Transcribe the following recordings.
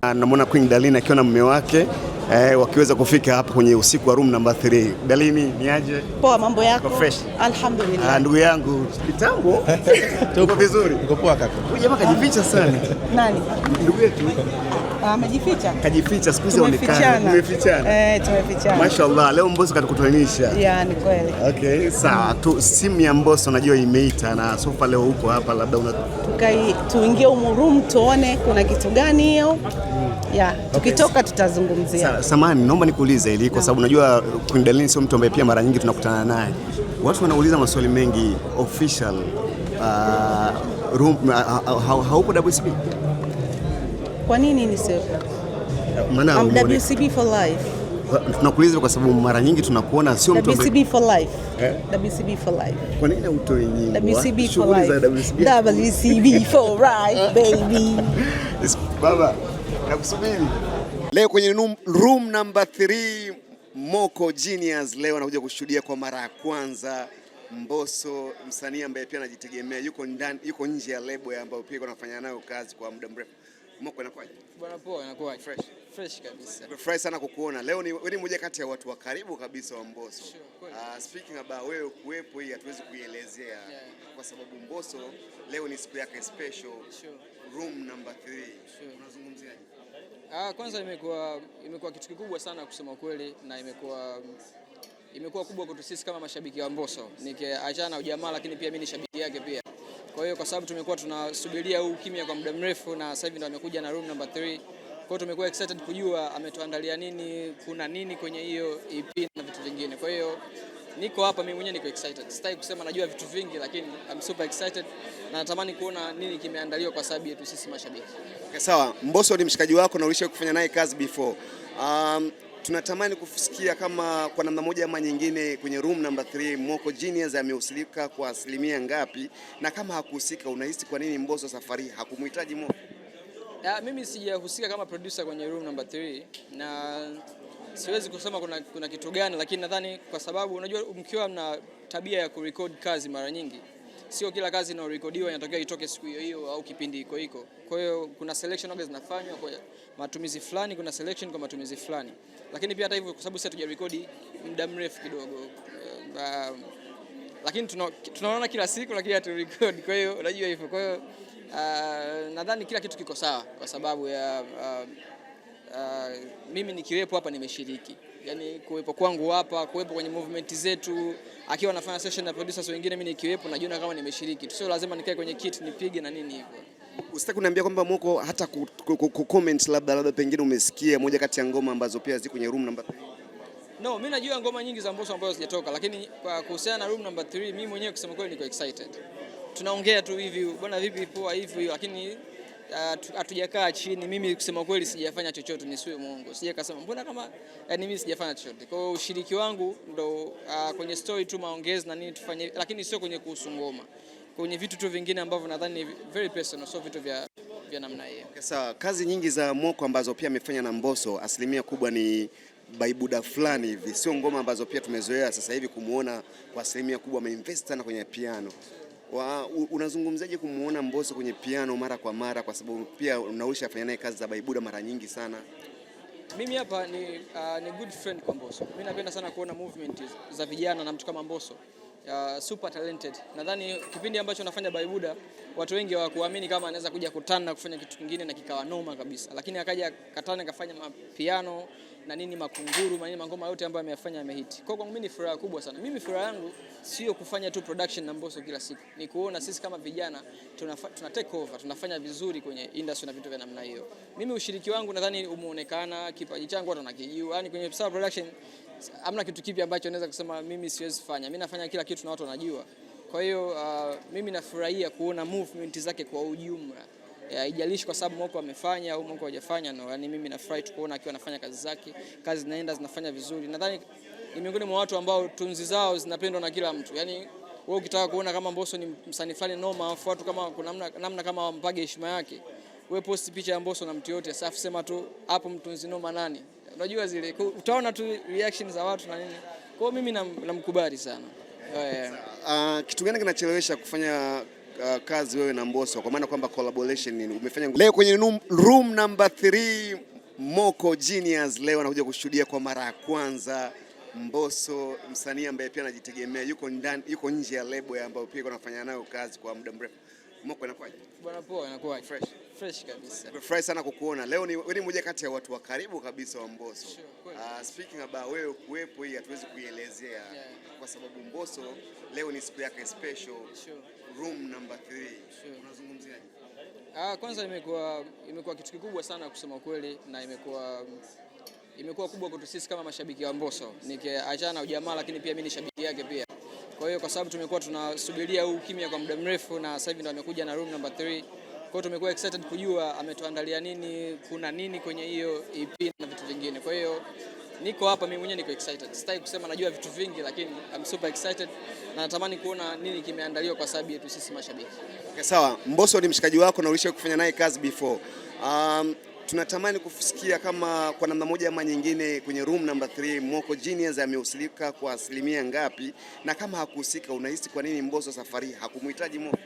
Ah, namwona Queen Dalini akiwa na mume wake eh, wakiweza kufika hapa kwenye usiku wa room number 3. Dalini, aje? Poa, mambo yako? Alhamdulillah. Ah, ndugu yangu kitambo, tuko vizuri. Uko poa kaka? Huyu jamaa kajificha sana. Nani? Ndugu yetu ah, amejificha kajificha, siku hizi aonekana. Tumefichana eh, tumefichana. Mashaallah, leo Mbosso katukutanisha. Ya, ni kweli. Okay, sawa. Tu simu ya Mbosso najua imeita na sofa leo huko hapa, labda una tukai, tuingie umurum tuone kuna kitu gani hiyo ya tukitoka tutazungumzia. Samani, naomba nikuulize ili kwa sababu najua Queen Darleen sio mtu ambaye pia mara nyingi tunakutana naye, watu wanauliza maswali mengi official uh, room uh, uh haupo WCB? Kwa nini nisiwepo? I'm WCB for life tunakuuliza kwa sababu mara nyingi tunakuona sio mtu WCB for life. Eh? WCB for life. Kwa nini utoe nyimbo? Ah? WCB for life. WCB for life baby. Baba, nakusubiri. Leo kwenye room, number 3 Moko Genius leo anakuja kushuhudia kwa mara ya kwanza Mbosso, msanii ambaye pia anajitegemea, yuko ndani, yuko nje ya lebo ambayo pia anafanya nayo kazi kwa muda mrefu. Moko inakuwaje? Bwana poa, inakuwaje? Fresh. Fresh kabisa. Nimefurahi sana kukuona. Leo ni wewe ni mmoja kati ya watu wa karibu kabisa wa Mbosso. Sure, uh, speaking about wewe kuwepo hii hatuwezi kuielezea yeah, kwa sababu Mbosso leo ni siku yake special. Sure. Room number 3. Sure. Unazungumziaje? Ah, kwanza imekuwa imekuwa kitu kikubwa sana kusema kweli na imekuwa imekuwa kubwa kwetu sisi kama mashabiki wa Mbosso. Nikiachana na ujamaa lakini pia mimi ni shabiki yake pia. Kwa hiyo kwa sababu tumekuwa tunasubiria huu ukimya kwa muda mrefu, na sasa hivi ndo amekuja na room number 3. Kwa hiyo tumekuwa excited kujua ametuandalia nini, kuna nini kwenye hiyo EP na vitu vingine. Kwa hiyo niko hapa mimi mwenyewe niko excited. Sitaki kusema najua vitu vingi, lakini I'm super excited na natamani kuona nini kimeandaliwa kwa sababu yetu sisi mashabiki. Okay, sawa. Mbosso ni mshikaji wako na ulishawahi kufanya naye kazi before. Um, tunatamani kusikia kama kwa namna moja ama nyingine kwenye room number 3 Moko Genius amehusika kwa asilimia ngapi, na kama hakuhusika, unahisi kwa nini Mbosso safari hakumhitaji Moko? Na, mimi sijahusika kama producer kwenye room number 3 na siwezi kusema kuna, kuna kitu gani, lakini nadhani kwa sababu unajua mkiwa mna tabia ya kurekodi kazi mara nyingi sio kila kazi inayorekodiwa inatakiwa itoke siku hiyo hiyo au kipindi iko iko. Kwa hiyo kuna selection ambazo zinafanywa kwa matumizi fulani, kuna selection kwa matumizi fulani, lakini pia hata hivyo, kwa sababu sisi hatujarekodi muda mrefu kidogo eh, um, lakini tunaona kila siku lakini haturekodi. Kwa hiyo unajua hivyo. Kwa hiyo uh, nadhani kila kitu kiko sawa kwa sababu ya uh, uh, mimi nikiwepo hapa nimeshiriki yani kuwepo kwangu hapa, kuwepo kwenye movement zetu, akiwa anafanya session na producers wengine, mimi nikiwepo, najiona kama nimeshiriki. Sio lazima nikae kwenye kit nipige na nini hivyo. Usitaki kuniambia kwamba muko hata ku, ku, ku, ku comment labda labda pengine umesikia moja kati ya ngoma ambazo pia ziko kwenye room number 3? No, mimi najua ngoma nyingi za Mbosso ambazo hazijatoka, lakini kwa kuhusiana na room number 3 mimi mwenyewe kusema kweli niko excited. Tunaongea tu hivi bwana, vipi poa hivi, lakini Ah, hatujakaa chini. Mimi kusema kweli sijafanya chochote, nisiwe mwongo, sija kasema mbona kama yani mimi sijafanya chochote. Kwa hiyo ushiriki wangu ndo uh, kwenye story tu, maongezi na nini tufanye, lakini sio kwenye kuhusu ngoma, kwenye vitu tu vingine ambavyo nadhani ni very personal, sio vitu vya vya namna hiyo. Okay, sawa. Kazi nyingi za Moko ambazo pia amefanya na Mbosso asilimia kubwa ni baibuda fulani hivi, sio ngoma ambazo pia tumezoea sasa hivi kumuona kwa asilimia kubwa ameinvest sana kwenye piano. Wa, unazungumzaje kumuona Mbosso kwenye piano mara kwa mara, kwa sababu pia unaisha afanya naye kazi za Baibuda mara nyingi sana? Mimi hapa ni, uh, ni good friend kwa Mbosso. Mimi napenda sana kuona movement za vijana na mtu kama Mbosso. Uh, super talented. Nadhani kipindi ambacho anafanya Baibuda watu wengi hawakuamini kama anaweza kuja kutana kufanya kitu kingine na kikawa noma kabisa, lakini akaja katana akafanya mapiano na nini makunguru, na nini mangoma yote ambayo ameyafanya amehiti. Kwa kwangu mimi ni furaha kubwa sana. Mimi furaha yangu sio kufanya tu production na Mbosso kila siku. Ni kuona sisi kama vijana tuna, tuna take over, tunafanya vizuri kwenye industry na vitu vya namna hiyo. Mimi ushiriki wangu nadhani umeonekana, kipaji changu watu wanakijua. Yaani kwenye sub production hamna kitu kipi ambacho naweza kusema mimi siwezi fanya. Mimi nafanya kila kitu na watu wanajua. Kwa hiyo uh, mimi nafurahia kuona movement zake kwa ujumla. Eh, haijalishi kwa sababu Moko amefanya au Moko hajafanya no. Yani mimi nafurahi tu kuona akiwa anafanya kazi zake, kazi zinaenda zinafanya vizuri. Nadhani ni miongoni mwa watu ambao tunzi zao zinapendwa na kila mtu yani wewe ukitaka kuona kama Mbosso ni msanii fulani noma, afu watu kama kuna namna, namna kama wampage heshima yake, wewe post picha ya Mbosso na mtu yote, safi sema tu hapo mtunzi noma nani, unajua zile utaona tu reaction za watu na nini. Kwa hiyo mimi namkubali na sana. Uh, kitu gani kinachelewesha kufanya uh, kazi wewe na Mbosso kwa maana kwamba collaboration umefanya leo kwenye room, room number 3 Moko Genius leo anakuja kushuhudia kwa mara ya kwanza Mbosso, msanii ambaye pia anajitegemea, yuko ndani, yuko nje ya lebo ambayo pia anafanya nayo kazi kwa muda mrefu. Moko inakuwaje? Bwana poa, inakuwaje? Fresh. Fresh kabisa. Nimefurahi sana kukuona. Leo ni wewe ni mmoja kati ya watu wa karibu kabisa wa Mbosso. Sure, uh, speaking about wewe kuwepo hii hatuwezi kuielezea yeah, kwa sababu Mbosso leo ni siku yake special. Sure. Room number 3. Sure. Unazungumziaje? Ah, kwanza imekuwa imekuwa kitu kikubwa sana kusema kweli na imekuwa imekuwa kubwa kwetu sisi kama mashabiki wa Mbosso. Nikiachana na ujamaa lakini pia mimi ni shabiki yake pia. Kwa hiyo kwa sababu tumekuwa tunasubiria huu kimya kwa muda mrefu, na sasa hivi ndo amekuja na room number 3. Kwa hiyo tumekuwa excited kujua ametuandalia nini, kuna nini kwenye hiyo EP na vitu vingine. Kwa hiyo niko hapa mimi mwenyewe niko excited. Sitaki kusema najua vitu vingi, lakini I'm super excited na natamani kuona nini kimeandaliwa kwa sababu yetu sisi mashabiki. Okay, sawa. Mbosso ni mshikaji wako na ulishawahi kufanya naye kazi before. Um, Tunatamani kusikia kama kwa namna moja ama nyingine kwenye room number 3 Moko Genius amehusika kwa asilimia ngapi, na kama hakuhusika, unahisi kwa nini Mbosso safari hakumhitaji Moko?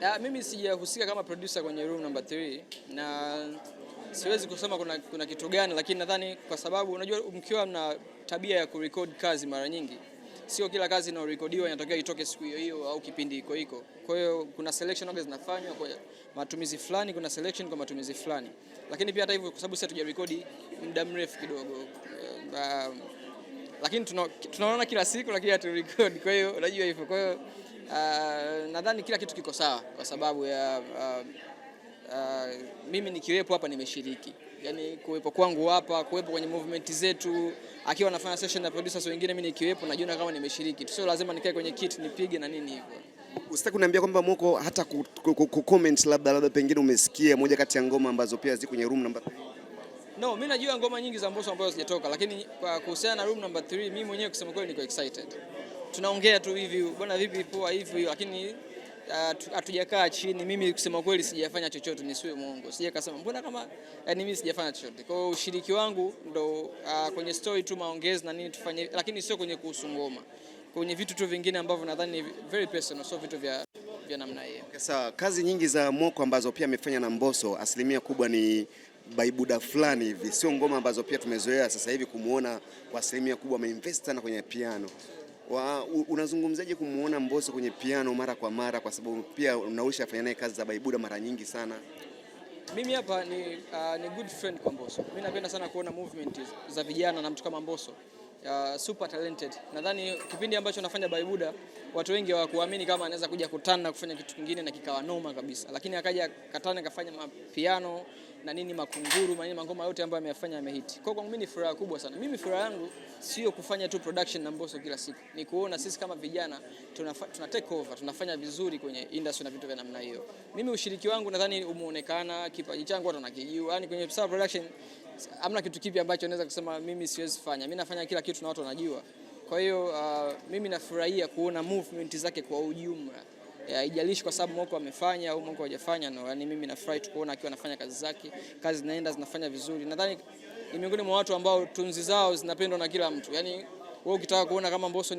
Ya, ah, mimi sijahusika kama producer kwenye room number 3 na siwezi kusema kuna, kuna kitu gani, lakini nadhani kwa sababu unajua mkiwa na tabia ya kurekodi kazi mara nyingi sio kila kazi inayorekodiwa inatokea itoke siku hiyo hiyo au kipindi iko hiko. Kwa hiyo kuna selection ambazo zinafanywa kwa matumizi fulani, kuna selection kwa matumizi fulani, lakini pia hata hivyo, kwa sababu sisi hatujarekodi muda mrefu kidogo eh, um, lakini tunaona kila siku lakini haturekodi, kwa hiyo unajua hivyo. Kwa hiyo uh, nadhani kila kitu kiko sawa kwa sababu ya uh, mimi nikiwepo hapa nimeshiriki, yani kuwepo kwangu hapa, kuwepo kwenye movement zetu, akiwa anafanya session na producers wengine, mimi nikiwepo najiona kama nimeshiriki, sio lazima nikae kwenye kit nipige na nini hivyo. Usitaki kuniambia kwamba mwoko hata ku, ku, ku, ku comment labda labda pengine umesikia moja kati ya ngoma ambazo pia ziko kwenye room number 3? No, mimi najua ngoma nyingi za Mbosso ambazo hazijatoka, lakini kwa kuhusiana na room number 3 mimi mwenyewe kusema kweli niko excited. Tunaongea tu hivi bwana, vipi poa, hivi lakini Ah, hatujakaa chini. Mimi kusema kweli sijafanya chochote, nisiwe mwongo, sija kasema mbona kama yani eh, mimi sijafanya chochote. Kwa hiyo ushiriki wangu ndo uh, kwenye story tu, maongezi na nini tufanye, lakini sio kwenye kuhusu ngoma, kwenye vitu tu vingine ambavyo nadhani ni very personal, sio vitu vya vya namna hiyo. Sawa, kazi nyingi za Moko ambazo pia amefanya na mboso asilimia kubwa ni baibuda fulani hivi, sio ngoma ambazo pia tumezoea sasa hivi kumuona kwa asilimia kubwa ameinvest sana kwenye piano wa, unazungumzaje kumuona Mbosso kwenye piano mara kwa mara, kwa sababu pia unaisha fanya naye kazi za Baibuda mara nyingi sana? Mimi hapa ni, uh, ni good friend kwa Mbosso. Mimi napenda sana kuona movement za vijana na mtu kama Mbosso. Uh, super talented. Nadhani kipindi ambacho anafanya Baibuda watu wengi hawakuamini kama anaweza kuja kutana kufanya kitu kingine na kikawa noma kabisa, lakini akaja katana kafanya mapiano na nini makunguru na nini mangoma yote ambayo ameyafanya amehiti. Kwa kwangu mimi ni furaha kubwa sana. Mimi furaha yangu sio kufanya tu production na Mbosso kila siku, ni kuona sisi kama vijana tuna, tuna take over, tunafanya vizuri kwenye industry na vitu vya namna hiyo. Mimi ushiriki wangu nadhani umeonekana, kipaji changu watu wanakijua. Yaani kwenye sub production hamna kitu kipi ambacho naweza kusema mimi siwezi fanya. Mimi nafanya kila kitu na watu wanajua. Kwa hiyo uh, mimi nafurahia kuona movement zake kwa ujumla. Eh, haijalishi kwa sababu Moko amefanya au Moko hajafanya no. Yani mimi nafurahi tu kuona akiwa anafanya kazi zake, kazi zinaenda zinafanya vizuri. Nadhani ni miongoni mwa watu ambao tunzi zao zinapendwa na kila mtu. Yani wewe ukitaka kuona kama Mbosso